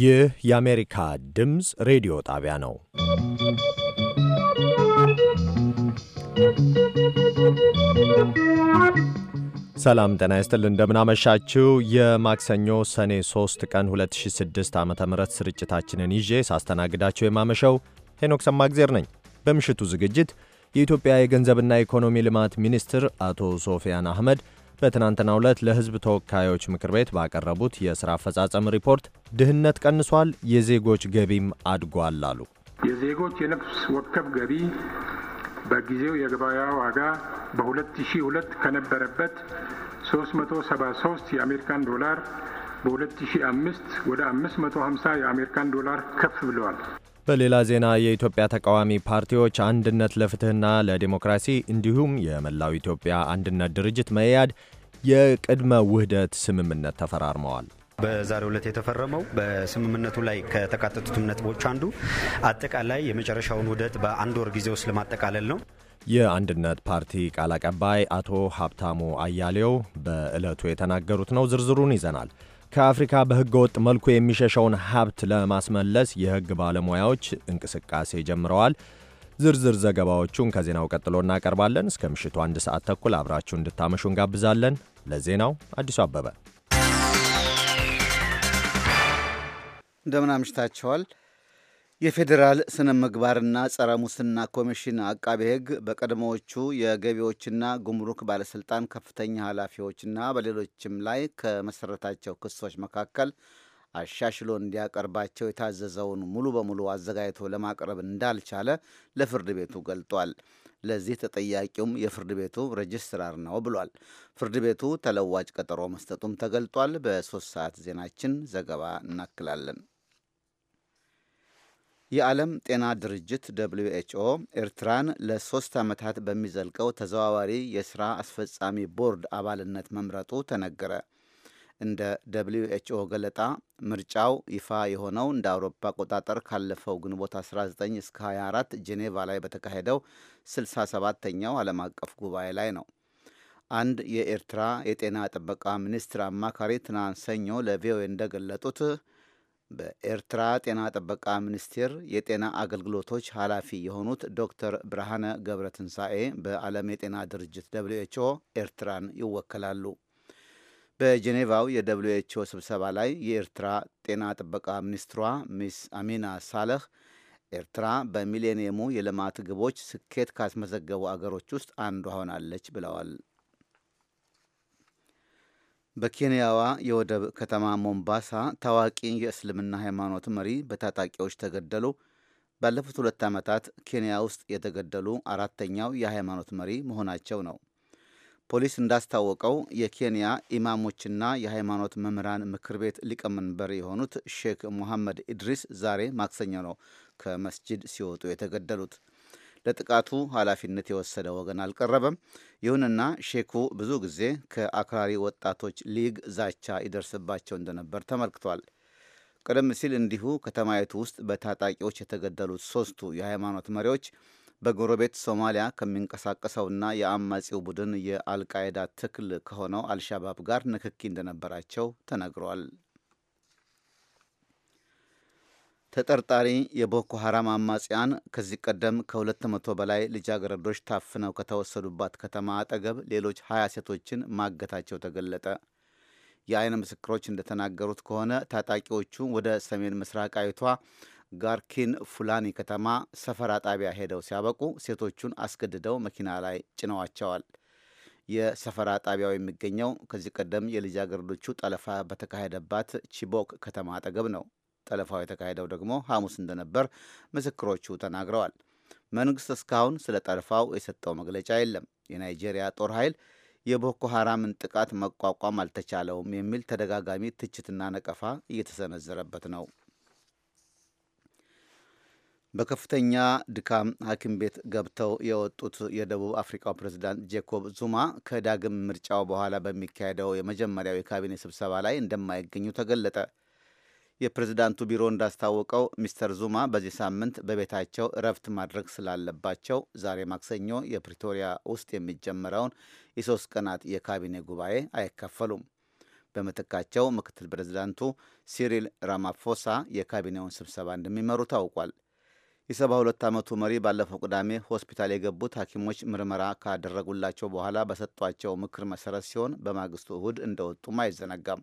ይህ የአሜሪካ ድምፅ ሬዲዮ ጣቢያ ነው። ሰላም ጤና ይስጥል እንደምናመሻችው የማክሰኞ ሰኔ 3 ቀን 2006 ዓ ም ስርጭታችንን ይዤ ሳስተናግዳቸው የማመሸው ሄኖክ ሰማግዜር ነኝ። በምሽቱ ዝግጅት የኢትዮጵያ የገንዘብና ኢኮኖሚ ልማት ሚኒስትር አቶ ሶፊያን አህመድ በትናንትናው ዕለት ለሕዝብ ተወካዮች ምክር ቤት ባቀረቡት የሥራ አፈጻጸም ሪፖርት ድህነት ቀንሷል፣ የዜጎች ገቢም አድጓል አሉ። የዜጎች የነፍስ ወከፍ ገቢ በጊዜው የገበያ ዋጋ በ2002 ከነበረበት 373 የአሜሪካን ዶላር በ2005 ወደ 550 የአሜሪካን ዶላር ከፍ ብለዋል። በሌላ ዜና የኢትዮጵያ ተቃዋሚ ፓርቲዎች አንድነት ለፍትህና ለዲሞክራሲ እንዲሁም የመላው ኢትዮጵያ አንድነት ድርጅት መኢአድ የቅድመ ውህደት ስምምነት ተፈራርመዋል። በዛሬው ዕለት የተፈረመው በስምምነቱ ላይ ከተካተቱትም ነጥቦች አንዱ አጠቃላይ የመጨረሻውን ውህደት በአንድ ወር ጊዜ ውስጥ ለማጠቃለል ነው። የአንድነት ፓርቲ ቃል አቀባይ አቶ ሀብታሙ አያሌው በዕለቱ የተናገሩት ነው። ዝርዝሩን ይዘናል። ከአፍሪካ በሕገ ወጥ መልኩ የሚሸሸውን ሀብት ለማስመለስ የሕግ ባለሙያዎች እንቅስቃሴ ጀምረዋል። ዝርዝር ዘገባዎቹን ከዜናው ቀጥሎ እናቀርባለን። እስከ ምሽቱ አንድ ሰዓት ተኩል አብራችሁ እንድታመሹ እንጋብዛለን። ለዜናው አዲሱ አበበ እንደምን አምሽታችኋል። የፌዴራል ስነ ምግባርና ጸረ ሙስና ኮሚሽን አቃቤ ሕግ በቀድሞዎቹ የገቢዎችና ጉምሩክ ባለሥልጣን ከፍተኛ ኃላፊዎችና በሌሎችም ላይ ከመሠረታቸው ክሶች መካከል አሻሽሎ እንዲያቀርባቸው የታዘዘውን ሙሉ በሙሉ አዘጋጅቶ ለማቅረብ እንዳልቻለ ለፍርድ ቤቱ ገልጧል። ለዚህ ተጠያቂውም የፍርድ ቤቱ ሬጅስትራር ነው ብሏል። ፍርድ ቤቱ ተለዋጭ ቀጠሮ መስጠቱም ተገልጧል። በሶስት ሰዓት ዜናችን ዘገባ እናክላለን። የዓለም ጤና ድርጅት ደብልዩ ኤችኦ ኤርትራን ለሶስት ዓመታት በሚዘልቀው ተዘዋዋሪ የሥራ አስፈጻሚ ቦርድ አባልነት መምረጡ ተነገረ። እንደ ደብሊዩ ኤችኦ ገለጣ ምርጫው ይፋ የሆነው እንደ አውሮፓ አቆጣጠር ካለፈው ግንቦት 19 እስከ 24 ጄኔቫ ላይ በተካሄደው 67ተኛው ዓለም አቀፍ ጉባኤ ላይ ነው። አንድ የኤርትራ የጤና ጥበቃ ሚኒስትር አማካሪ ትናንት ሰኞ ለቪኦኤ እንደገለጡት በኤርትራ ጤና ጥበቃ ሚኒስቴር የጤና አገልግሎቶች ኃላፊ የሆኑት ዶክተር ብርሃነ ገብረ ትንሣኤ በዓለም የጤና ድርጅት ደብሊው ኤችኦ ኤርትራን ይወከላሉ። በጄኔቫው የደብሊው ኤች ኦ ስብሰባ ላይ የኤርትራ ጤና ጥበቃ ሚኒስትሯ ሚስ አሚና ሳለህ ኤርትራ በሚሌኒየሙ የልማት ግቦች ስኬት ካስመዘገቡ አገሮች ውስጥ አንዷ ሆናለች ብለዋል። በኬንያዋ የወደብ ከተማ ሞምባሳ ታዋቂ የእስልምና ሃይማኖት መሪ በታጣቂዎች ተገደሉ። ባለፉት ሁለት ዓመታት ኬንያ ውስጥ የተገደሉ አራተኛው የሃይማኖት መሪ መሆናቸው ነው። ፖሊስ እንዳስታወቀው የኬንያ ኢማሞችና የሃይማኖት መምህራን ምክር ቤት ሊቀመንበር የሆኑት ሼክ ሙሐመድ ኢድሪስ ዛሬ ማክሰኞ ነው ከመስጂድ ሲወጡ የተገደሉት። ለጥቃቱ ኃላፊነት የወሰደ ወገን አልቀረበም። ይሁንና ሼኩ ብዙ ጊዜ ከአክራሪ ወጣቶች ሊግ ዛቻ ይደርስባቸው እንደነበር ተመልክቷል። ቀደም ሲል እንዲሁ ከተማይቱ ውስጥ በታጣቂዎች የተገደሉት ሶስቱ የሃይማኖት መሪዎች በጎረቤት ሶማሊያ ከሚንቀሳቀሰውና የአማጺው ቡድን የአልቃይዳ ትክል ከሆነው አልሻባብ ጋር ንክኪ እንደነበራቸው ተነግሯል። ተጠርጣሪ የቦኮ ሐራም አማጽያን ከዚህ ቀደም ከሁለት መቶ በላይ ልጃገረዶች ታፍነው ከተወሰዱባት ከተማ አጠገብ ሌሎች ሀያ ሴቶችን ማገታቸው ተገለጠ። የአይን ምስክሮች እንደተናገሩት ከሆነ ታጣቂዎቹ ወደ ሰሜን ምስራቃዊቷ ጋርኪን ፉላኒ ከተማ ሰፈራ ጣቢያ ሄደው ሲያበቁ ሴቶቹን አስገድደው መኪና ላይ ጭነዋቸዋል። የሰፈራ ጣቢያው የሚገኘው ከዚህ ቀደም የልጃገረዶቹ ጠለፋ በተካሄደባት ቺቦክ ከተማ አጠገብ ነው። ጠለፋው የተካሄደው ደግሞ ሐሙስ እንደነበር ምስክሮቹ ተናግረዋል። መንግሥት እስካሁን ስለ ጠለፋው የሰጠው መግለጫ የለም። የናይጄሪያ ጦር ኃይል የቦኮ ሐራምን ጥቃት መቋቋም አልተቻለውም የሚል ተደጋጋሚ ትችትና ነቀፋ እየተሰነዘረበት ነው። በከፍተኛ ድካም ሐኪም ቤት ገብተው የወጡት የደቡብ አፍሪካው ፕሬዝዳንት ጄኮብ ዙማ ከዳግም ምርጫው በኋላ በሚካሄደው የመጀመሪያው የካቢኔ ስብሰባ ላይ እንደማይገኙ ተገለጠ። የፕሬዝዳንቱ ቢሮ እንዳስታወቀው ሚስተር ዙማ በዚህ ሳምንት በቤታቸው እረፍት ማድረግ ስላለባቸው ዛሬ ማክሰኞ የፕሪቶሪያ ውስጥ የሚጀመረውን የሶስት ቀናት የካቢኔ ጉባኤ አይካፈሉም። በምትካቸው ምክትል ፕሬዝዳንቱ ሲሪል ራማፎሳ የካቢኔውን ስብሰባ እንደሚመሩ ታውቋል። የሰባ ሁለት ዓመቱ መሪ ባለፈው ቅዳሜ ሆስፒታል የገቡት ሐኪሞች ምርመራ ካደረጉላቸው በኋላ በሰጧቸው ምክር መሰረት ሲሆን በማግስቱ እሁድ እንደወጡም አይዘነጋም።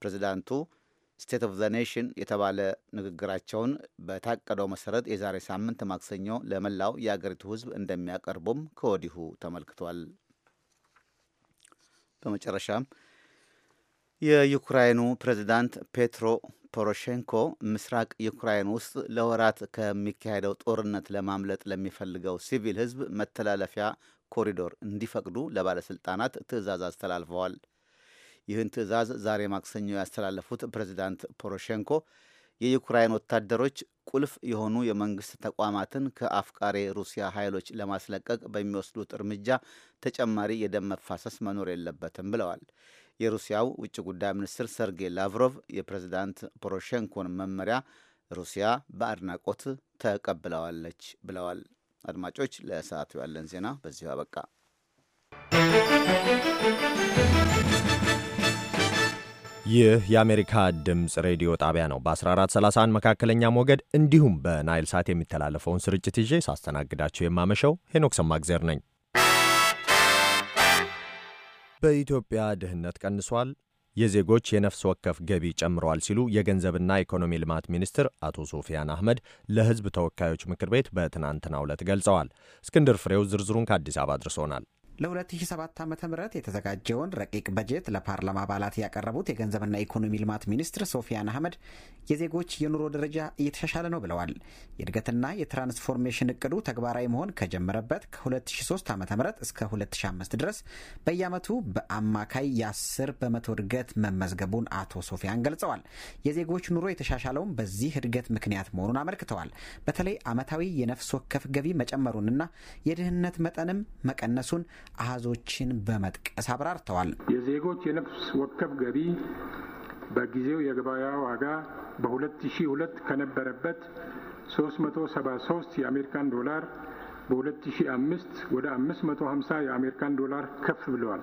ፕሬዚዳንቱ ስቴት ኦፍ ዘ ኔሽን የተባለ ንግግራቸውን በታቀደው መሰረት የዛሬ ሳምንት ማክሰኞ ለመላው የአገሪቱ ሕዝብ እንደሚያቀርቡም ከወዲሁ ተመልክቷል። በመጨረሻም የዩክራይኑ ፕሬዚዳንት ፔትሮ ፖሮሼንኮ ምስራቅ ዩክራይን ውስጥ ለወራት ከሚካሄደው ጦርነት ለማምለጥ ለሚፈልገው ሲቪል ሕዝብ መተላለፊያ ኮሪዶር እንዲፈቅዱ ለባለሥልጣናት ትዕዛዝ አስተላልፈዋል። ይህን ትዕዛዝ ዛሬ ማክሰኞ ያስተላለፉት ፕሬዚዳንት ፖሮሼንኮ የዩክራይን ወታደሮች ቁልፍ የሆኑ የመንግስት ተቋማትን ከአፍቃሪ ሩሲያ ኃይሎች ለማስለቀቅ በሚወስዱት እርምጃ ተጨማሪ የደም መፋሰስ መኖር የለበትም ብለዋል። የሩሲያው ውጭ ጉዳይ ሚኒስትር ሰርጌይ ላቭሮቭ የፕሬዝዳንት ፖሮሼንኮን መመሪያ ሩሲያ በአድናቆት ተቀብለዋለች ብለዋል። አድማጮች፣ ለሰዓቱ ያለን ዜና በዚሁ አበቃ። ይህ የአሜሪካ ድምፅ ሬዲዮ ጣቢያ ነው። በ1431 መካከለኛ ሞገድ እንዲሁም በናይል ሳት የሚተላለፈውን ስርጭት ይዤ ሳስተናግዳችሁ የማመሸው ሄኖክ ሰማግዜር ነኝ። በኢትዮጵያ ድህነት ቀንሷል፣ የዜጎች የነፍስ ወከፍ ገቢ ጨምረዋል ሲሉ የገንዘብና ኢኮኖሚ ልማት ሚኒስትር አቶ ሶፊያን አህመድ ለሕዝብ ተወካዮች ምክር ቤት በትናንትናው ዕለት ገልጸዋል። እስክንድር ፍሬው ዝርዝሩን ከአዲስ አበባ አድርሶናል። ለ2007 ዓ ም የተዘጋጀውን ረቂቅ በጀት ለፓርላማ አባላት ያቀረቡት የገንዘብና ኢኮኖሚ ልማት ሚኒስትር ሶፊያን አህመድ የዜጎች የኑሮ ደረጃ እየተሻሻለ ነው ብለዋል። የእድገትና የትራንስፎርሜሽን እቅዱ ተግባራዊ መሆን ከጀመረበት ከ2003 ዓ ም እስከ 2005 ድረስ በየዓመቱ በአማካይ የ10 በመቶ እድገት መመዝገቡን አቶ ሶፊያን ገልጸዋል። የዜጎች ኑሮ የተሻሻለውም በዚህ እድገት ምክንያት መሆኑን አመልክተዋል። በተለይ ዓመታዊ የነፍስ ወከፍ ገቢ መጨመሩንና የድህነት መጠንም መቀነሱን አህዞችን በመጥቀስ አብራርተዋል። የዜጎች የነፍስ ወከፍ ገቢ በጊዜው የገበያ ዋጋ በ2002 ከነበረበት 373 የአሜሪካን ዶላር በ2005 ወደ 550 የአሜሪካን ዶላር ከፍ ብለዋል።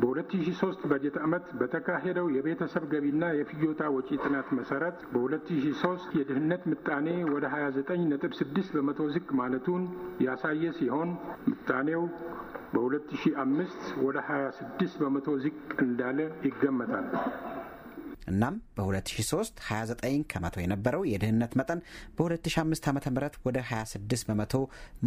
በ2003 በጀት ዓመት በተካሄደው የቤተሰብ ገቢና የፍጆታ ወጪ ጥናት መሰረት በ2003 የድህነት ምጣኔ ወደ 29.6 በመቶ ዝቅ ማለቱን ያሳየ ሲሆን ምጣኔው በ2005 ወደ 26 በመቶ ዝቅ እንዳለ ይገመታል። እናም በ2003 29 ከመቶ የነበረው የድህነት መጠን በ2005 ዓ ም ወደ 26 በመቶ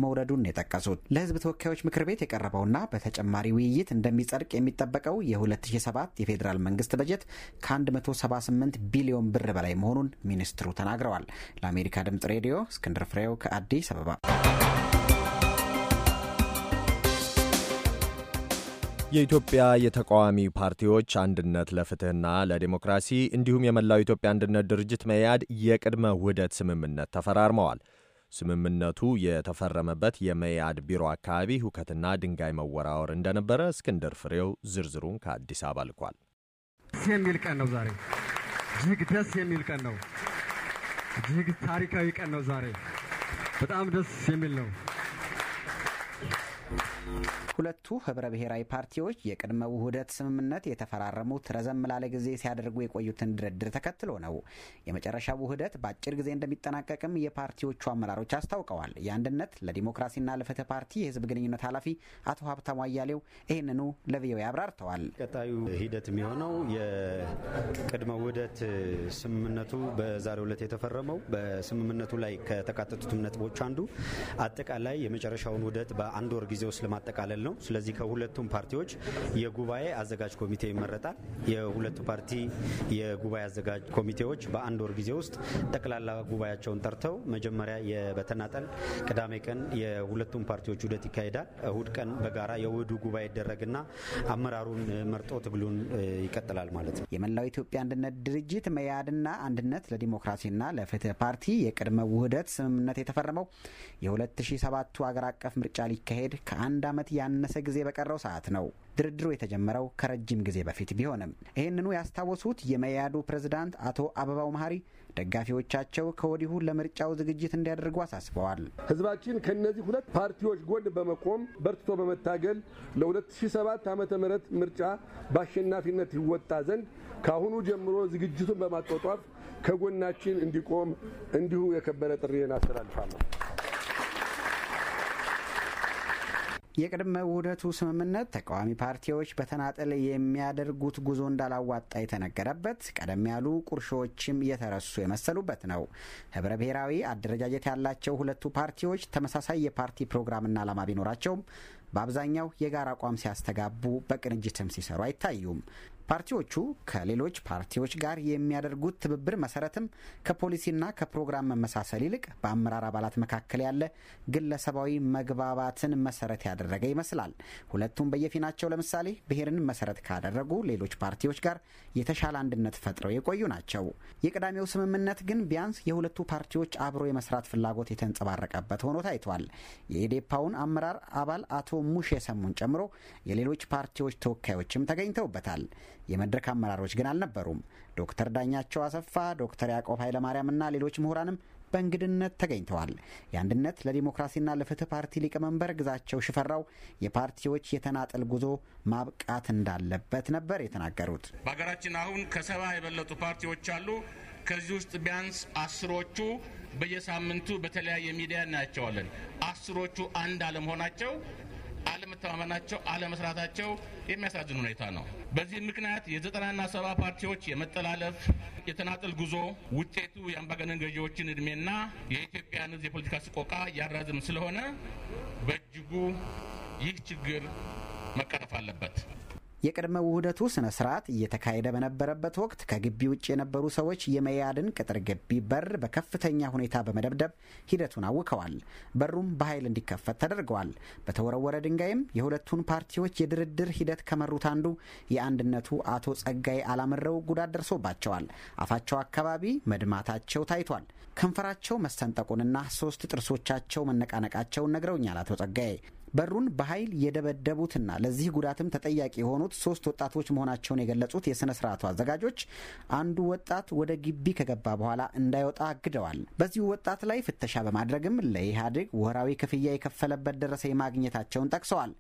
መውረዱን የጠቀሱት ለህዝብ ተወካዮች ምክር ቤት የቀረበውና በተጨማሪ ውይይት እንደሚጸድቅ የሚጠበቀው የ2007 የፌዴራል መንግስት በጀት ከ178 ቢሊዮን ብር በላይ መሆኑን ሚኒስትሩ ተናግረዋል። ለአሜሪካ ድምጽ ሬዲዮ እስክንድር ፍሬው ከአዲስ አበባ የኢትዮጵያ የተቃዋሚ ፓርቲዎች አንድነት ለፍትህና ለዲሞክራሲ እንዲሁም የመላው ኢትዮጵያ አንድነት ድርጅት መያድ የቅድመ ውህደት ስምምነት ተፈራርመዋል። ስምምነቱ የተፈረመበት የመያድ ቢሮ አካባቢ ሁከትና ድንጋይ መወራወር እንደነበረ እስክንድር ፍሬው ዝርዝሩን ከአዲስ አበባ ልኳል። ደስ የሚል ቀን ነው ዛሬ። እጅግ ደስ የሚል ቀን ነው። እጅግ ታሪካዊ ቀን ነው ዛሬ። በጣም ደስ የሚል ነው። ሁለቱ ህብረ ብሔራዊ ፓርቲዎች የቅድመ ውህደት ስምምነት የተፈራረሙት ረዘም ላለ ጊዜ ሲያደርጉ የቆዩትን ድርድር ተከትሎ ነው። የመጨረሻው ውህደት በአጭር ጊዜ እንደሚጠናቀቅም የፓርቲዎቹ አመራሮች አስታውቀዋል። የአንድነት ለዲሞክራሲና ለፍትህ ፓርቲ የህዝብ ግንኙነት ኃላፊ አቶ ሀብታሙ አያሌው ይህንኑ ለቪኦኤ አብራርተዋል። ቀጣዩ ሂደት የሚሆነው የቅድመ ውህደት ስምምነቱ በዛሬው ዕለት የተፈረመው በስምምነቱ ላይ ከተካተቱትም ነጥቦች አንዱ አጠቃላይ የመጨረሻውን ውህደት በአንድ ወር ጊዜ ውስጥ ለማጠቃለል ነው። ነው። ስለዚህ ከሁለቱም ፓርቲዎች የጉባኤ አዘጋጅ ኮሚቴ ይመረጣል። የሁለቱ ፓርቲ የጉባኤ አዘጋጅ ኮሚቴዎች በአንድ ወር ጊዜ ውስጥ ጠቅላላ ጉባኤያቸውን ጠርተው መጀመሪያ በተናጠል ቅዳሜ ቀን የሁለቱም ፓርቲዎች ውህደት ይካሄዳል። እሁድ ቀን በጋራ የውህዱ ጉባኤ ይደረግና አመራሩን መርጦ ትግሉን ይቀጥላል ማለት ነው። የመላው ኢትዮጵያ አንድነት ድርጅት መያድና አንድነት ለዲሞክራሲና ለፍትህ ፓርቲ የቅድመ ውህደት ስምምነት የተፈረመው የ2007ቱ አገር አቀፍ ምርጫ ሊካሄድ ከአንድ ዓመት ያን ካነሰ ጊዜ በቀረው ሰዓት ነው። ድርድሩ የተጀመረው ከረጅም ጊዜ በፊት ቢሆንም ይህንኑ ያስታወሱት የመያዱ ፕሬዝዳንት አቶ አበባው መሀሪ ደጋፊዎቻቸው ከወዲሁ ለምርጫው ዝግጅት እንዲያደርጉ አሳስበዋል። ህዝባችን ከእነዚህ ሁለት ፓርቲዎች ጎን በመቆም በርትቶ በመታገል ለ2007 ዓ ም ምርጫ በአሸናፊነት ይወጣ ዘንድ ከአሁኑ ጀምሮ ዝግጅቱን በማጧጧፍ ከጎናችን እንዲቆም እንዲሁ የከበረ ጥሪ አስተላልፋለሁ። የቅድመ ውህደቱ ስምምነት ተቃዋሚ ፓርቲዎች በተናጠል የሚያደርጉት ጉዞ እንዳላዋጣ የተነገረበት ቀደም ያሉ ቁርሾዎችም የተረሱ የመሰሉበት ነው። ህብረ ብሔራዊ አደረጃጀት ያላቸው ሁለቱ ፓርቲዎች ተመሳሳይ የፓርቲ ፕሮግራምና ዓላማ ቢኖራቸውም በአብዛኛው የጋራ አቋም ሲያስተጋቡ፣ በቅንጅትም ሲሰሩ አይታዩም። ፓርቲዎቹ ከሌሎች ፓርቲዎች ጋር የሚያደርጉት ትብብር መሰረትም ከፖሊሲና ከፕሮግራም መመሳሰል ይልቅ በአመራር አባላት መካከል ያለ ግለሰባዊ መግባባትን መሰረት ያደረገ ይመስላል። ሁለቱም በየፊናቸው ለምሳሌ ብሔርን መሰረት ካደረጉ ሌሎች ፓርቲዎች ጋር የተሻለ አንድነት ፈጥረው የቆዩ ናቸው። የቅዳሜው ስምምነት ግን ቢያንስ የሁለቱ ፓርቲዎች አብሮ የመስራት ፍላጎት የተንጸባረቀበት ሆኖ ታይቷል። የኢዴፓውን አመራር አባል አቶ ሙሼ ሰሙን ጨምሮ የሌሎች ፓርቲዎች ተወካዮችም ተገኝተውበታል። የመድረክ አመራሮች ግን አልነበሩም። ዶክተር ዳኛቸው አሰፋ፣ ዶክተር ያዕቆብ እና ሌሎች ምሁራንም በእንግድነት ተገኝተዋል። የአንድነት ለዲሞክራሲና ለፍትህ ፓርቲ ሊቀመንበር ግዛቸው ሽፈራው የፓርቲዎች የተናጠል ጉዞ ማብቃት እንዳለበት ነበር የተናገሩት። በሀገራችን አሁን ከሰባ የበለጡ ፓርቲዎች አሉ። ከዚህ ውስጥ ቢያንስ አስሮቹ በየሳምንቱ በተለያየ ሚዲያ እናያቸዋለን። አስሮቹ አንድ አለመሆናቸው መተማመናቸው አለመስራታቸው የሚያሳዝን ሁኔታ ነው። በዚህ ምክንያት የዘጠናና ሰባ ፓርቲዎች የመጠላለፍ የተናጠል ጉዞ ውጤቱ የአምባገነን ገዢዎችን እድሜና የኢትዮጵያን ሕዝብ የፖለቲካ ስቆቃ ያራዝም ስለሆነ በእጅጉ ይህ ችግር መቀረፍ አለበት። የቅድመ ውህደቱ ስነ ስርዓት እየተካሄደ በነበረበት ወቅት ከግቢ ውጭ የነበሩ ሰዎች የመያድን ቅጥር ግቢ በር በከፍተኛ ሁኔታ በመደብደብ ሂደቱን አውከዋል። በሩም በኃይል እንዲከፈት ተደርገዋል። በተወረወረ ድንጋይም የሁለቱን ፓርቲዎች የድርድር ሂደት ከመሩት አንዱ የአንድነቱ አቶ ጸጋይ አላምረው ጉዳት ደርሶባቸዋል። አፋቸው አካባቢ መድማታቸው ታይቷል። ከንፈራቸው መሰንጠቁንና ሶስት ጥርሶቻቸው መነቃነቃቸውን ነግረውኛል አቶ ጸጋዬ በሩን በኃይል የደበደቡትና ለዚህ ጉዳትም ተጠያቂ የሆኑት ሶስት ወጣቶች መሆናቸውን የገለጹት የሥነ ስርዓቱ አዘጋጆች አንዱ ወጣት ወደ ግቢ ከገባ በኋላ እንዳይወጣ አግደዋል። በዚሁ ወጣት ላይ ፍተሻ በማድረግም ለኢህአዴግ ወራዊ ክፍያ የከፈለበት ደረሰኝ ማግኘታቸውን ጠቅሰዋል።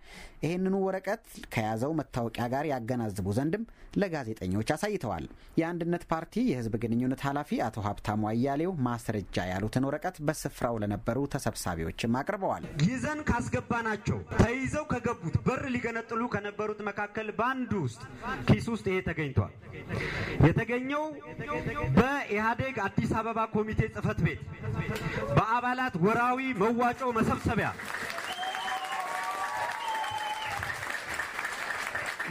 ይህንኑ ወረቀት ከያዘው መታወቂያ ጋር ያገናዝቡ ዘንድም ለጋዜጠኞች አሳይተዋል። የአንድነት ፓርቲ የህዝብ ግንኙነት ኃላፊ አቶ ሀብታሙ አያሌው ማስረጃ ያሉትን ወረቀት በስፍራው ለነበሩ ተሰብሳቢዎችም አቅርበዋል። ይዘን ካስገባናቸው ናቸው። ተይዘው ከገቡት በር ሊገነጥሉ ከነበሩት መካከል በአንዱ ውስጥ ኪስ ውስጥ ይሄ ተገኝቷል። የተገኘው በኢህአዴግ አዲስ አበባ ኮሚቴ ጽህፈት ቤት በአባላት ወራዊ መዋጮ መሰብሰቢያ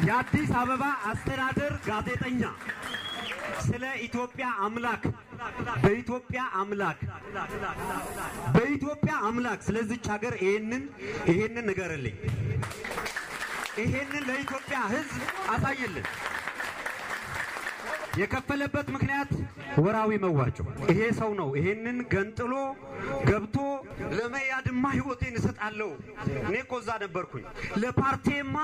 የአዲስ አበባ አስተዳደር ጋዜጠኛ ስለ ኢትዮጵያ አምላክ በኢትዮጵያ አምላክ በኢትዮጵያ አምላክ ስለዚች ሀገር ይሄንን ይሄንን ንገርልኝ። ይሄንን ለኢትዮጵያ ሕዝብ አሳይልን። የከፈለበት ምክንያት ወራዊ መዋጮ ይሄ ሰው ነው። ይሄንን ገንጥሎ ገብቶ ለመያድማ ህይወቴን እሰጣለሁ። እኔ እኮ እዛ ነበርኩኝ። ለፓርቲማ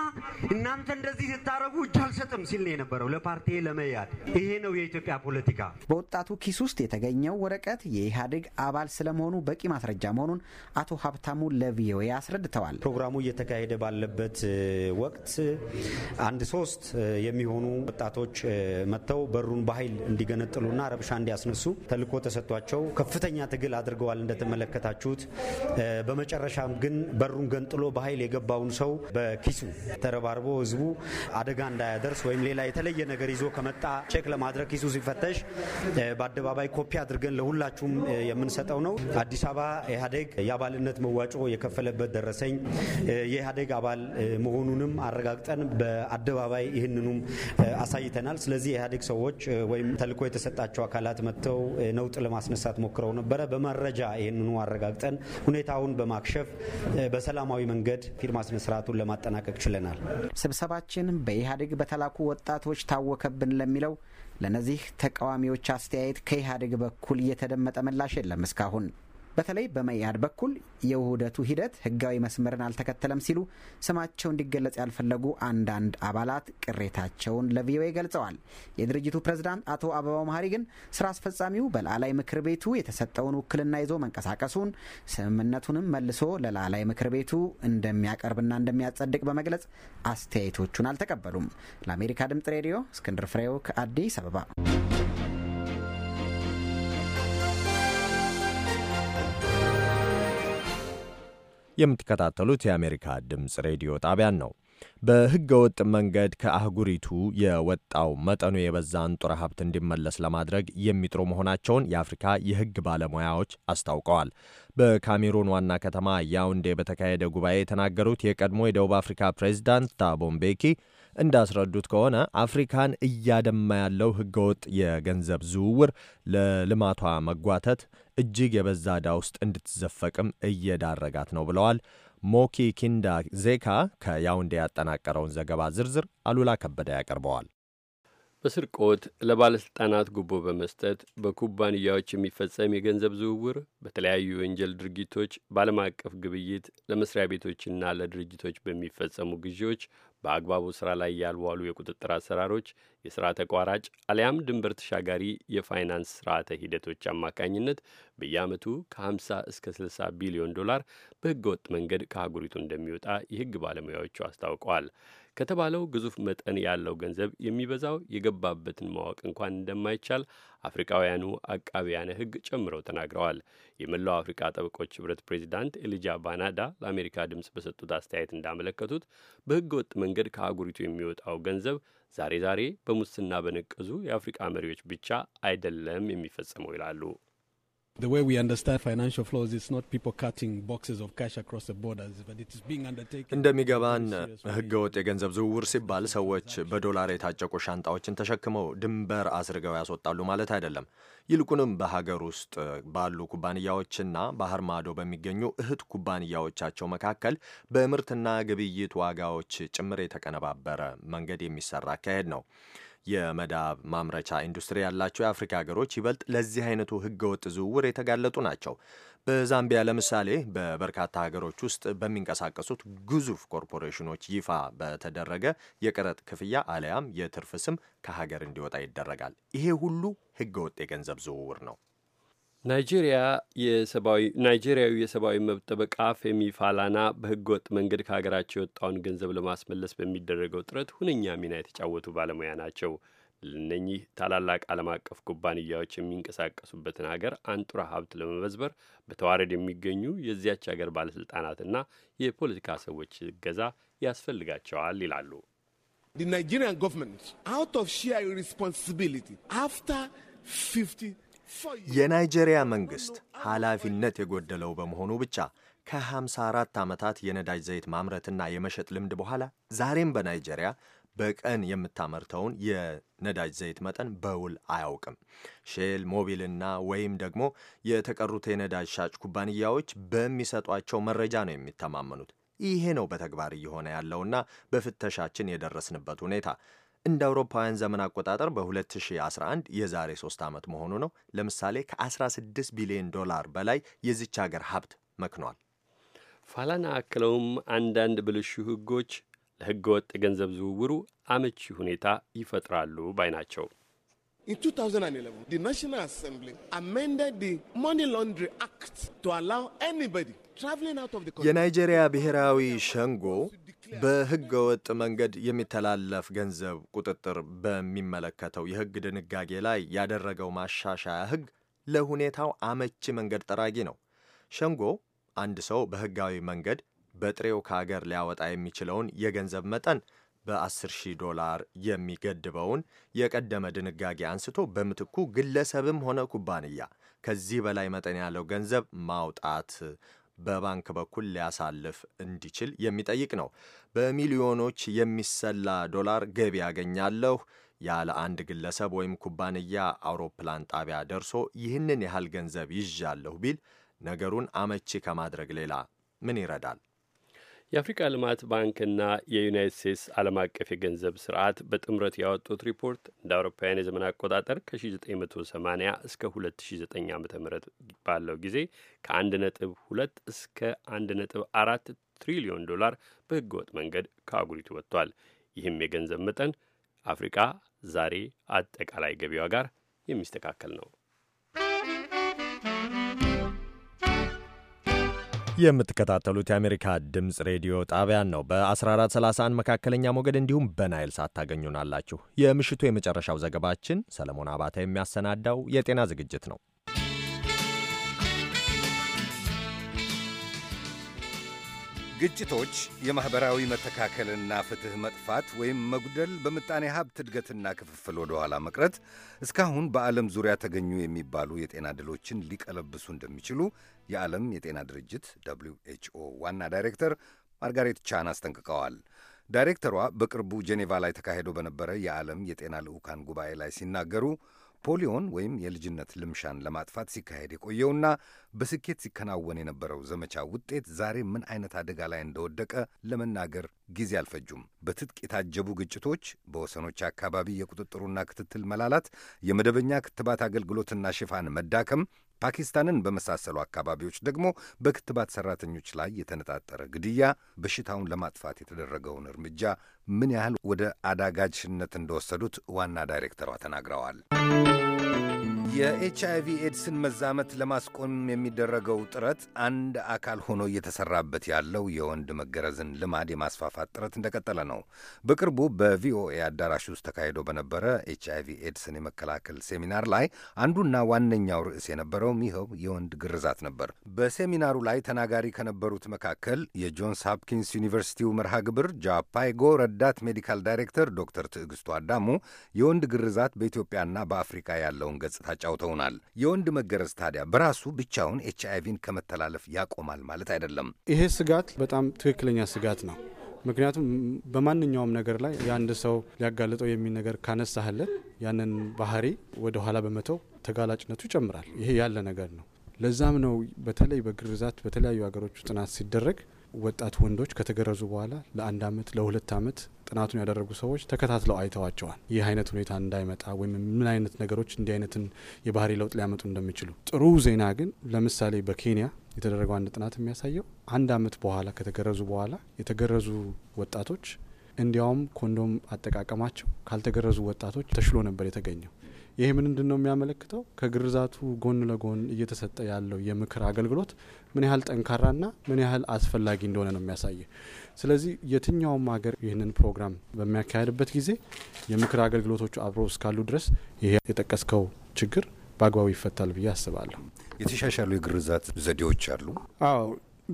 እናንተ እንደዚህ ስታረጉ እጅ አልሰጥም ሲል ነው የነበረው። ለፓርቲ ለመያድ ይሄ ነው የኢትዮጵያ ፖለቲካ። በወጣቱ ኪስ ውስጥ የተገኘው ወረቀት የኢህአዴግ አባል ስለመሆኑ በቂ ማስረጃ መሆኑን አቶ ሀብታሙ ለቪኦኤ አስረድተዋል። ፕሮግራሙ እየተካሄደ ባለበት ወቅት አንድ ሶስት የሚሆኑ ወጣቶች መጥተው በሩን በኃይል እንዲገነጥሉና ረብሻ እንዲያስነሱ ተልእኮ ተሰጥቷቸው ከፍተኛ ትግል አድርገዋል እንደተመለከታችሁት። በመጨረሻም ግን በሩን ገንጥሎ በኃይል የገባውን ሰው በኪሱ ተረባርቦ ህዝቡ አደጋ እንዳያደርስ ወይም ሌላ የተለየ ነገር ይዞ ከመጣ ቼክ ለማድረግ ኪሱ ሲፈተሽ በአደባባይ ኮፒ አድርገን ለሁላችሁም የምንሰጠው ነው። አዲስ አበባ ኢህአዴግ የአባልነት መዋጮ የከፈለበት ደረሰኝ የኢህአዴግ አባል መሆኑንም አረጋግጠን በአደባባይ ይህንኑም አሳይተናል። ስለዚህ የኢህአዴግ ሰዎች ወይም ተልዕኮ የተሰጣቸው አካላት መጥተው ነውጥ ለማስነሳት ሞክረው ነበረ። በመረጃ ይህንኑ አረጋግጠን ሁኔታውን በማክሸፍ በሰላማዊ መንገድ ፊርማ ስነስርዓቱን ለማጠናቀቅ ችለናል። ስብሰባችን በኢህአዴግ በተላኩ ወጣቶች ታወከብን ለሚለው ለነዚህ ተቃዋሚዎች አስተያየት ከኢህአዴግ በኩል እየተደመጠ ምላሽ የለም እስካሁን። በተለይ በመያድ በኩል የውህደቱ ሂደት ህጋዊ መስመርን አልተከተለም ሲሉ ስማቸው እንዲገለጽ ያልፈለጉ አንዳንድ አባላት ቅሬታቸውን ለቪኦኤ ገልጸዋል። የድርጅቱ ፕሬዝዳንት አቶ አበባው መሀሪ ግን ስራ አስፈጻሚው በላላይ ምክር ቤቱ የተሰጠውን ውክልና ይዞ መንቀሳቀሱን ስምምነቱንም መልሶ ለላላይ ምክር ቤቱ እንደሚያቀርብና እንደሚያጸድቅ በመግለጽ አስተያየቶቹን አልተቀበሉም። ለአሜሪካ ድምጽ ሬዲዮ እስክንድር ፍሬው ከአዲስ አበባ የምትከታተሉት የአሜሪካ ድምፅ ሬዲዮ ጣቢያን ነው። በሕገ ወጥ መንገድ ከአህጉሪቱ የወጣው መጠኑ የበዛን አንጡረ ሀብት እንዲመለስ ለማድረግ የሚጥሩ መሆናቸውን የአፍሪካ የሕግ ባለሙያዎች አስታውቀዋል። በካሜሩን ዋና ከተማ ያውንዴ በተካሄደ ጉባኤ የተናገሩት የቀድሞ የደቡብ አፍሪካ ፕሬዚዳንት ታቦ ምቤኪ እንዳስረዱት ከሆነ አፍሪካን እያደማ ያለው ህገወጥ የገንዘብ ዝውውር ለልማቷ መጓተት እጅግ የበዛ ዕዳ ውስጥ እንድትዘፈቅም እየዳረጋት ነው ብለዋል። ሞኪ ኪንዳ ዜካ ከያውንዴ ያጠናቀረውን ዘገባ ዝርዝር አሉላ ከበደ ያቀርበዋል። በስርቆት ለባለሥልጣናት ጉቦ በመስጠት በኩባንያዎች የሚፈጸም የገንዘብ ዝውውር፣ በተለያዩ የወንጀል ድርጊቶች፣ በዓለም አቀፍ ግብይት፣ ለመስሪያ ቤቶችና ለድርጅቶች በሚፈጸሙ ግዢዎች፣ በአግባቡ ስራ ላይ ያልዋሉ የቁጥጥር አሰራሮች፣ የሥራ ተቋራጭ አሊያም ድንበር ተሻጋሪ የፋይናንስ ስርዓተ ሂደቶች አማካኝነት በየዓመቱ ከ50 እስከ 60 ቢሊዮን ዶላር በሕገ ወጥ መንገድ ከአህጉሪቱ እንደሚወጣ የሕግ ባለሙያዎቹ አስታውቀዋል። ከተባለው ግዙፍ መጠን ያለው ገንዘብ የሚበዛው የገባበትን ማወቅ እንኳን እንደማይቻል አፍሪካውያኑ አቃቢያነ ሕግ ጨምረው ተናግረዋል። የመላው አፍሪካ ጠበቆች ህብረት ፕሬዚዳንት ኤልጃ ባናዳ ለአሜሪካ ድምፅ በሰጡት አስተያየት እንዳመለከቱት በሕገ ወጥ መንገድ ከአህጉሪቱ የሚወጣው ገንዘብ ዛሬ ዛሬ በሙስና በነቀዙ የአፍሪቃ መሪዎች ብቻ አይደለም የሚፈጸመው ይላሉ። The way we understand financial flows is not people cutting boxes of cash across the borders, but it is being undertaken. እንደሚገባን ህገወጥ የገንዘብ ዝውውር ሲባል ሰዎች በዶላር የታጨቁ ሻንጣዎችን ተሸክመው ድንበር አስርገው ያስወጣሉ ማለት አይደለም። ይልቁንም በሀገር ውስጥ ባሉ ኩባንያዎችና ባህር ማዶ በሚገኙ እህት ኩባንያዎቻቸው መካከል በምርትና ግብይት ዋጋዎች ጭምር የተቀነባበረ መንገድ የሚሰራ አካሄድ ነው። የመዳብ ማምረቻ ኢንዱስትሪ ያላቸው የአፍሪካ ሀገሮች ይበልጥ ለዚህ አይነቱ ህገወጥ ዝውውር የተጋለጡ ናቸው። በዛምቢያ ለምሳሌ በበርካታ ሀገሮች ውስጥ በሚንቀሳቀሱት ግዙፍ ኮርፖሬሽኖች ይፋ በተደረገ የቀረጥ ክፍያ አለያም የትርፍ ስም ከሀገር እንዲወጣ ይደረጋል። ይሄ ሁሉ ህገወጥ የገንዘብ ዝውውር ነው። ናይጄሪያ ናይጄሪያዊ የሰብአዊ መብት ጠበቃ ፌሚ ፋላና በህገወጥ መንገድ ከሀገራቸው የወጣውን ገንዘብ ለማስመለስ በሚደረገው ጥረት ሁነኛ ሚና የተጫወቱ ባለሙያ ናቸው። ለነኚህ ታላላቅ ዓለም አቀፍ ኩባንያዎች የሚንቀሳቀሱበትን ሀገር አንጡራ ሀብት ለመበዝበር በተዋረድ የሚገኙ የዚያች ሀገር ባለሥልጣናትና የፖለቲካ ሰዎች እገዛ ያስፈልጋቸዋል ይላሉ። The Nigerian government out of sheer after 50 የናይጄሪያ መንግሥት ኃላፊነት የጎደለው በመሆኑ ብቻ ከ54 ዓመታት የነዳጅ ዘይት ማምረትና የመሸጥ ልምድ በኋላ ዛሬም በናይጄሪያ በቀን የምታመርተውን የነዳጅ ዘይት መጠን በውል አያውቅም። ሼል ሞቢልና ወይም ደግሞ የተቀሩት የነዳጅ ሻጭ ኩባንያዎች በሚሰጧቸው መረጃ ነው የሚተማመኑት። ይሄ ነው በተግባር እየሆነ ያለውና በፍተሻችን የደረስንበት ሁኔታ። እንደ አውሮፓውያን ዘመን አቆጣጠር በ2011 የዛሬ 3 ዓመት መሆኑ ነው። ለምሳሌ ከ16 ቢሊዮን ዶላር በላይ የዚች ሀገር ሀብት መክኗል። ፋላና አክለውም አንዳንድ ብልሹ ህጎች ለህገ ወጥ የገንዘብ ዝውውሩ አመቺ ሁኔታ ይፈጥራሉ ባይ ናቸው። In 2011, the National Assembly amended the Money Act to allow anybody የናይጄሪያ ብሔራዊ ሸንጎ በህገወጥ መንገድ የሚተላለፍ ገንዘብ ቁጥጥር በሚመለከተው የህግ ድንጋጌ ላይ ያደረገው ማሻሻያ ህግ ለሁኔታው አመቺ መንገድ ጠራጊ ነው። ሸንጎ አንድ ሰው በህጋዊ መንገድ በጥሬው ከሀገር ሊያወጣ የሚችለውን የገንዘብ መጠን በ10 ሺህ ዶላር የሚገድበውን የቀደመ ድንጋጌ አንስቶ በምትኩ ግለሰብም ሆነ ኩባንያ ከዚህ በላይ መጠን ያለው ገንዘብ ማውጣት በባንክ በኩል ሊያሳልፍ እንዲችል የሚጠይቅ ነው። በሚሊዮኖች የሚሰላ ዶላር ገቢ ያገኛለሁ ያለ አንድ ግለሰብ ወይም ኩባንያ አውሮፕላን ጣቢያ ደርሶ ይህንን ያህል ገንዘብ ይዣለሁ ቢል ነገሩን አመቺ ከማድረግ ሌላ ምን ይረዳል? የአፍሪካ ልማት ባንክና የዩናይት ስቴትስ ዓለም አቀፍ የገንዘብ ስርዓት በጥምረት ያወጡት ሪፖርት እንደ አውሮፓውያን የዘመን አቆጣጠር ከ1980 እስከ 2009 ዓ ም ባለው ጊዜ ከ1.2 እስከ 1.4 ትሪሊዮን ዶላር በህገወጥ መንገድ ከአጉሪቱ ወጥቷል። ይህም የገንዘብ መጠን አፍሪቃ ዛሬ አጠቃላይ ገቢዋ ጋር የሚስተካከል ነው። የምትከታተሉት የአሜሪካ ድምፅ ሬዲዮ ጣቢያን ነው። በ1431 መካከለኛ ሞገድ እንዲሁም በናይል ሳት ታገኙናላችሁ። የምሽቱ የመጨረሻው ዘገባችን ሰለሞን አባተ የሚያሰናዳው የጤና ዝግጅት ነው። ግጭቶች፣ የማኅበራዊ መተካከልና ፍትሕ መጥፋት ወይም መጉደል፣ በምጣኔ ሀብት እድገትና ክፍፍል ወደ ኋላ መቅረት እስካሁን በዓለም ዙሪያ ተገኙ የሚባሉ የጤና ድሎችን ሊቀለብሱ እንደሚችሉ የዓለም የጤና ድርጅት ደብሊው ኤችኦ ዋና ዳይሬክተር ማርጋሬት ቻን አስጠንቅቀዋል። ዳይሬክተሯ በቅርቡ ጄኔቫ ላይ ተካሂዶ በነበረ የዓለም የጤና ልዑካን ጉባኤ ላይ ሲናገሩ ፖሊዮን ወይም የልጅነት ልምሻን ለማጥፋት ሲካሄድ የቆየውና በስኬት ሲከናወን የነበረው ዘመቻ ውጤት ዛሬ ምን አይነት አደጋ ላይ እንደወደቀ ለመናገር ጊዜ አልፈጁም። በትጥቅ የታጀቡ ግጭቶች፣ በወሰኖች አካባቢ የቁጥጥሩና ክትትል መላላት፣ የመደበኛ ክትባት አገልግሎትና ሽፋን መዳከም፣ ፓኪስታንን በመሳሰሉ አካባቢዎች ደግሞ በክትባት ሰራተኞች ላይ የተነጣጠረ ግድያ በሽታውን ለማጥፋት የተደረገውን እርምጃ ምን ያህል ወደ አዳጋጅነት እንደወሰዱት ዋና ዳይሬክተሯ ተናግረዋል። የኤች አይቪ ኤድስን መዛመት ለማስቆም የሚደረገው ጥረት አንድ አካል ሆኖ እየተሰራበት ያለው የወንድ መገረዝን ልማድ የማስፋፋት ጥረት እንደቀጠለ ነው። በቅርቡ በቪኦኤ አዳራሽ ውስጥ ተካሂዶ በነበረ ኤች አይቪ ኤድስን የመከላከል ሴሚናር ላይ አንዱና ዋነኛው ርዕስ የነበረውም ይኸው የወንድ ግርዛት ነበር። በሴሚናሩ ላይ ተናጋሪ ከነበሩት መካከል የጆንስ ሀፕኪንስ ዩኒቨርሲቲው መርሃ ግብር ጃፓይጎ ረዳት ሜዲካል ዳይሬክተር ዶክተር ትዕግስቱ አዳሙ የወንድ ግርዛት በኢትዮጵያና በአፍሪካ ያለውን ገጽታ አጫውተውናል። የወንድ መገረዝ ታዲያ በራሱ ብቻውን ኤች አይቪን ከመተላለፍ ያቆማል ማለት አይደለም። ይሄ ስጋት በጣም ትክክለኛ ስጋት ነው። ምክንያቱም በማንኛውም ነገር ላይ የአንድ ሰው ሊያጋልጠው የሚል ነገር ካነሳህለት ያንን ባህሪ ወደ ኋላ በመተው ተጋላጭነቱ ይጨምራል። ይሄ ያለ ነገር ነው። ለዛም ነው በተለይ በግርዛት በተለያዩ ሀገሮች ጥናት ሲደረግ ወጣት ወንዶች ከተገረዙ በኋላ ለአንድ አመት ለሁለት አመት ጥናቱን ያደረጉ ሰዎች ተከታትለው አይተዋቸዋል። ይህ አይነት ሁኔታ እንዳይመጣ ወይም ምን አይነት ነገሮች እንዲህ አይነትን የባህሪ ለውጥ ሊያመጡ እንደሚችሉ። ጥሩ ዜና ግን ለምሳሌ በኬንያ የተደረገው አንድ ጥናት የሚያሳየው አንድ አመት በኋላ ከተገረዙ በኋላ የተገረዙ ወጣቶች እንዲያውም ኮንዶም አጠቃቀማቸው ካልተገረዙ ወጣቶች ተሽሎ ነበር የተገኘው። ይሄ ምንድን ነው የሚያመለክተው? ከግርዛቱ ጎን ለጎን እየተሰጠ ያለው የምክር አገልግሎት ምን ያህል ጠንካራና ምን ያህል አስፈላጊ እንደሆነ ነው የሚያሳየ ስለዚህ የትኛውም ሀገር ይህንን ፕሮግራም በሚያካሄድበት ጊዜ የምክር አገልግሎቶቹ አብረው እስካሉ ድረስ ይሄ የጠቀስከው ችግር በአግባቡ ይፈታል ብዬ አስባለሁ። የተሻሻሉ የግርዛት ዘዴዎች አሉ። አዎ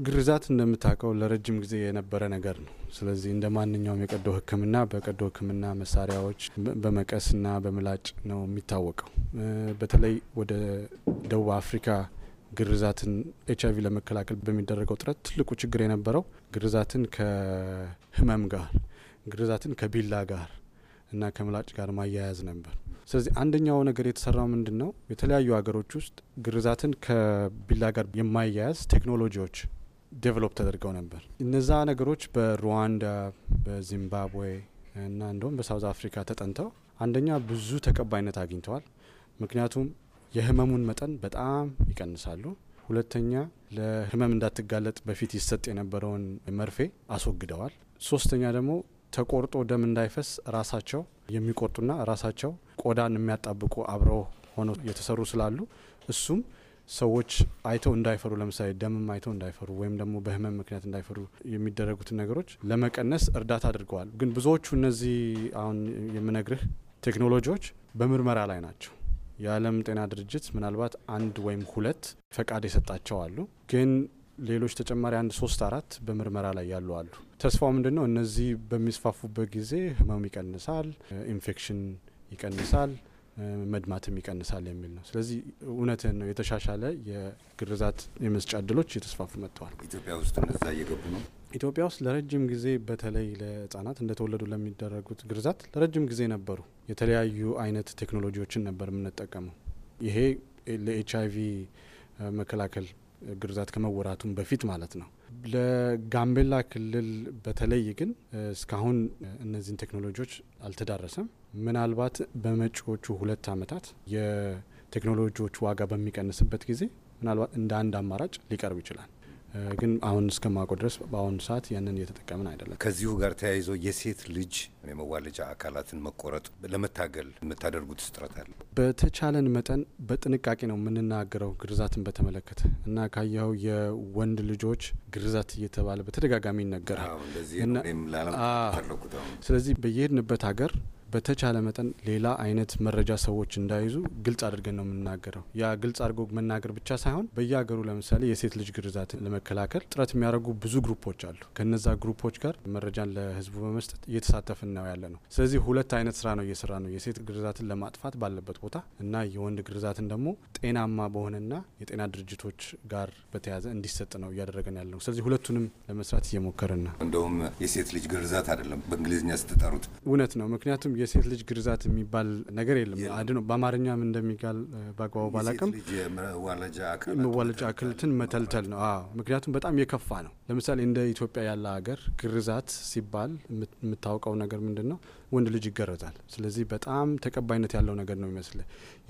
ግርዛት እንደምታውቀው ለረጅም ጊዜ የነበረ ነገር ነው። ስለዚህ እንደ ማንኛውም የቀዶ ሕክምና በቀዶ ሕክምና መሳሪያዎች በመቀስና በምላጭ ነው የሚታወቀው። በተለይ ወደ ደቡብ አፍሪካ ግርዛትን ኤች አይቪ ለመከላከል በሚደረገው ጥረት ትልቁ ችግር የነበረው ግርዛትን ከህመም ጋር ግርዛትን ከቢላ ጋር እና ከምላጭ ጋር ማያያዝ ነበር። ስለዚህ አንደኛው ነገር የተሰራው ምንድን ነው? የተለያዩ ሀገሮች ውስጥ ግርዛትን ከቢላ ጋር የማያያዝ ቴክኖሎጂዎች ዴቨሎፕ ተደርገው ነበር። እነዛ ነገሮች በሩዋንዳ፣ በዚምባብዌ እና እንደሁም በሳውዝ አፍሪካ ተጠንተው አንደኛ ብዙ ተቀባይነት አግኝተዋል። ምክንያቱም የህመሙን መጠን በጣም ይቀንሳሉ። ሁለተኛ ለህመም እንዳትጋለጥ በፊት ይሰጥ የነበረውን መርፌ አስወግደዋል። ሶስተኛ ደግሞ ተቆርጦ ደም እንዳይፈስ ራሳቸው የሚቆርጡና ራሳቸው ቆዳን የሚያጣብቁ አብረው ሆነው የተሰሩ ስላሉ እሱም ሰዎች አይተው እንዳይፈሩ ለምሳሌ ደምም አይተው እንዳይፈሩ ወይም ደግሞ በህመም ምክንያት እንዳይፈሩ የሚደረጉትን ነገሮች ለመቀነስ እርዳታ አድርገዋል። ግን ብዙዎቹ እነዚህ አሁን የምነግርህ ቴክኖሎጂዎች በምርመራ ላይ ናቸው። የዓለም ጤና ድርጅት ምናልባት አንድ ወይም ሁለት ፈቃድ የሰጣቸው አሉ ግን ሌሎች ተጨማሪ አንድ ሶስት አራት በምርመራ ላይ ያሉ አሉ። ተስፋው ምንድን ነው? እነዚህ በሚስፋፉበት ጊዜ ህመም ይቀንሳል፣ ኢንፌክሽን ይቀንሳል፣ መድማትም ይቀንሳል የሚል ነው። ስለዚህ እውነትህን ነው የተሻሻለ የግርዛት የመስጫ እድሎች እየተስፋፉ መጥተዋል። ኢትዮጵያ ውስጥ እነዛ እየገቡ ነው። ኢትዮጵያ ውስጥ ለረጅም ጊዜ በተለይ ለህጻናት እንደተወለዱ ለሚደረጉት ግርዛት ለረጅም ጊዜ ነበሩ። የተለያዩ አይነት ቴክኖሎጂዎችን ነበር የምንጠቀመው። ይሄ ለኤች አይቪ መከላከል ግርዛት ከመወራቱም በፊት ማለት ነው። ለጋምቤላ ክልል በተለይ ግን እስካሁን እነዚህን ቴክኖሎጂዎች አልተዳረሰም። ምናልባት በመጪዎቹ ሁለት አመታት የቴክኖሎጂዎቹ ዋጋ በሚቀንስበት ጊዜ ምናልባት እንደ አንድ አማራጭ ሊቀርብ ይችላል። ግን አሁን እስከማውቀው ድረስ በአሁኑ ሰዓት ያንን እየተጠቀምን አይደለም። ከዚሁ ጋር ተያይዞ የሴት ልጅ የመዋለጃ አካላትን መቆረጥ ለመታገል የምታደርጉት ስጥረት አለ? በተቻለን መጠን በጥንቃቄ ነው የምንናገረው ግርዛትን በተመለከተ እና ካየኸው የወንድ ልጆች ግርዛት እየተባለ በተደጋጋሚ ይነገራል። ስለዚህ በየሄድንበት ሀገር በተቻለ መጠን ሌላ አይነት መረጃ ሰዎች እንዳይዙ ግልጽ አድርገን ነው የምንናገረው። ያ ግልጽ አድርጎ መናገር ብቻ ሳይሆን በየሀገሩ ለምሳሌ የሴት ልጅ ግርዛትን ለመከላከል ጥረት የሚያደርጉ ብዙ ግሩፖች አሉ። ከነዛ ግሩፖች ጋር መረጃን ለህዝቡ በመስጠት እየተሳተፍን ነው ያለ ነው። ስለዚህ ሁለት አይነት ስራ ነው እየሰራ ነው። የሴት ግርዛትን ለማጥፋት ባለበት ቦታ እና የወንድ ግርዛትን ደግሞ ጤናማ በሆነና የጤና ድርጅቶች ጋር በተያያዘ እንዲሰጥ ነው እያደረገን ያለ ነው። ስለዚህ ሁለቱንም ለመስራት እየሞከርን ነው። እንደውም የሴት ልጅ ግርዛት አይደለም በእንግሊዝኛ ስትጠሩት እውነት ነው ምክንያቱም የሴት ልጅ ግርዛት የሚባል ነገር የለም። አድ ነው በአማርኛም እንደሚጋል በአግባቡ ባላቅም መዋለጃ አክልትን መተልተል ነው። ምክንያቱም በጣም የከፋ ነው። ለምሳሌ እንደ ኢትዮጵያ ያለ ሀገር ግርዛት ሲባል የምታውቀው ነገር ምንድን ነው? ወንድ ልጅ ይገረዛል። ስለዚህ በጣም ተቀባይነት ያለው ነገር ነው ይመስል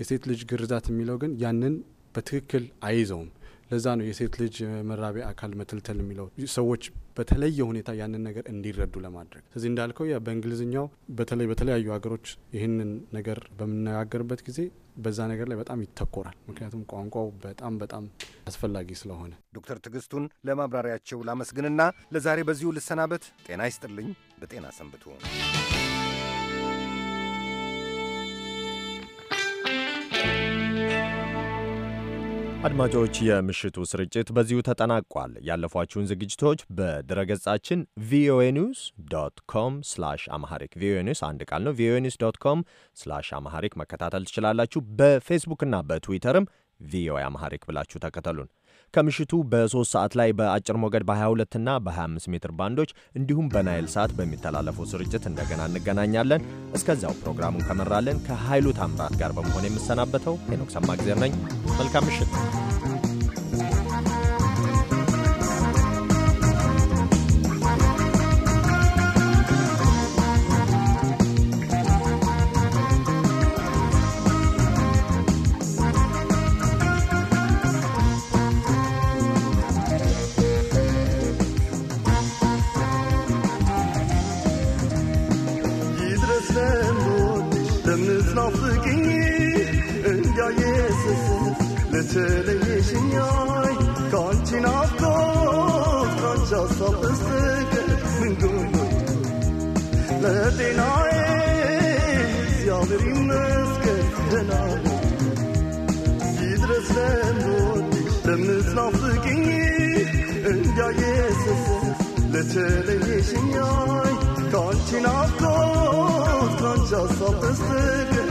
የሴት ልጅ ግርዛት የሚለው ግን ያንን በትክክል አይዘውም። ለዛ ነው የሴት ልጅ መራቢያ አካል መተልተል የሚለው ሰዎች በተለየ ሁኔታ ያንን ነገር እንዲረዱ ለማድረግ። ስለዚህ እንዳልከው በእንግሊዝኛው በተለይ በተለያዩ ሀገሮች ይህንን ነገር በምነጋገርበት ጊዜ በዛ ነገር ላይ በጣም ይተኮራል። ምክንያቱም ቋንቋው በጣም በጣም አስፈላጊ ስለሆነ። ዶክተር ትዕግስቱን ለማብራሪያቸው ላመስግንና ለዛሬ በዚሁ ልሰናበት። ጤና ይስጥልኝ። በጤና ሰንብቱ። አድማጮች፣ የምሽቱ ስርጭት በዚሁ ተጠናቋል። ያለፏችሁን ዝግጅቶች በድረገጻችን ቪኦኤ ኒውስ ዶት ኮም ስላሽ አማሐሪክ ቪኦኤ ኒውስ አንድ ቃል ነው። ቪኦኤ ኒውስ ዶት ኮም ስላሽ አማሐሪክ መከታተል ትችላላችሁ። በፌስቡክና በትዊተርም ቪኦኤ አማሐሪክ ብላችሁ ተከተሉን። ከምሽቱ በሶስት ሰዓት ላይ በአጭር ሞገድ በ22 እና በ25 ሜትር ባንዶች እንዲሁም በናይል ሰዓት በሚተላለፈው ስርጭት እንደገና እንገናኛለን። እስከዚያው ፕሮግራሙን ከመራለን ከኃይሉ ታምራት ጋር በመሆን የምሰናበተው ሄኖክ ሰማግዜር ነኝ። መልካም ምሽት። موافقين انقا يسسن لتلي شنياي كان تنافقوت كان جاصل استك من قلوي لديناي زيادري مسكت هنالي يدرس لمود لمز نافقين انقا يسسن لتلي شنياي كان تنافقوت كان جاصل استك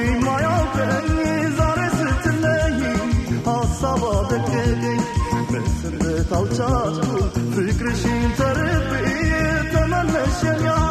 stau ceasul, fii creștin, tărâpie, tămănește-mi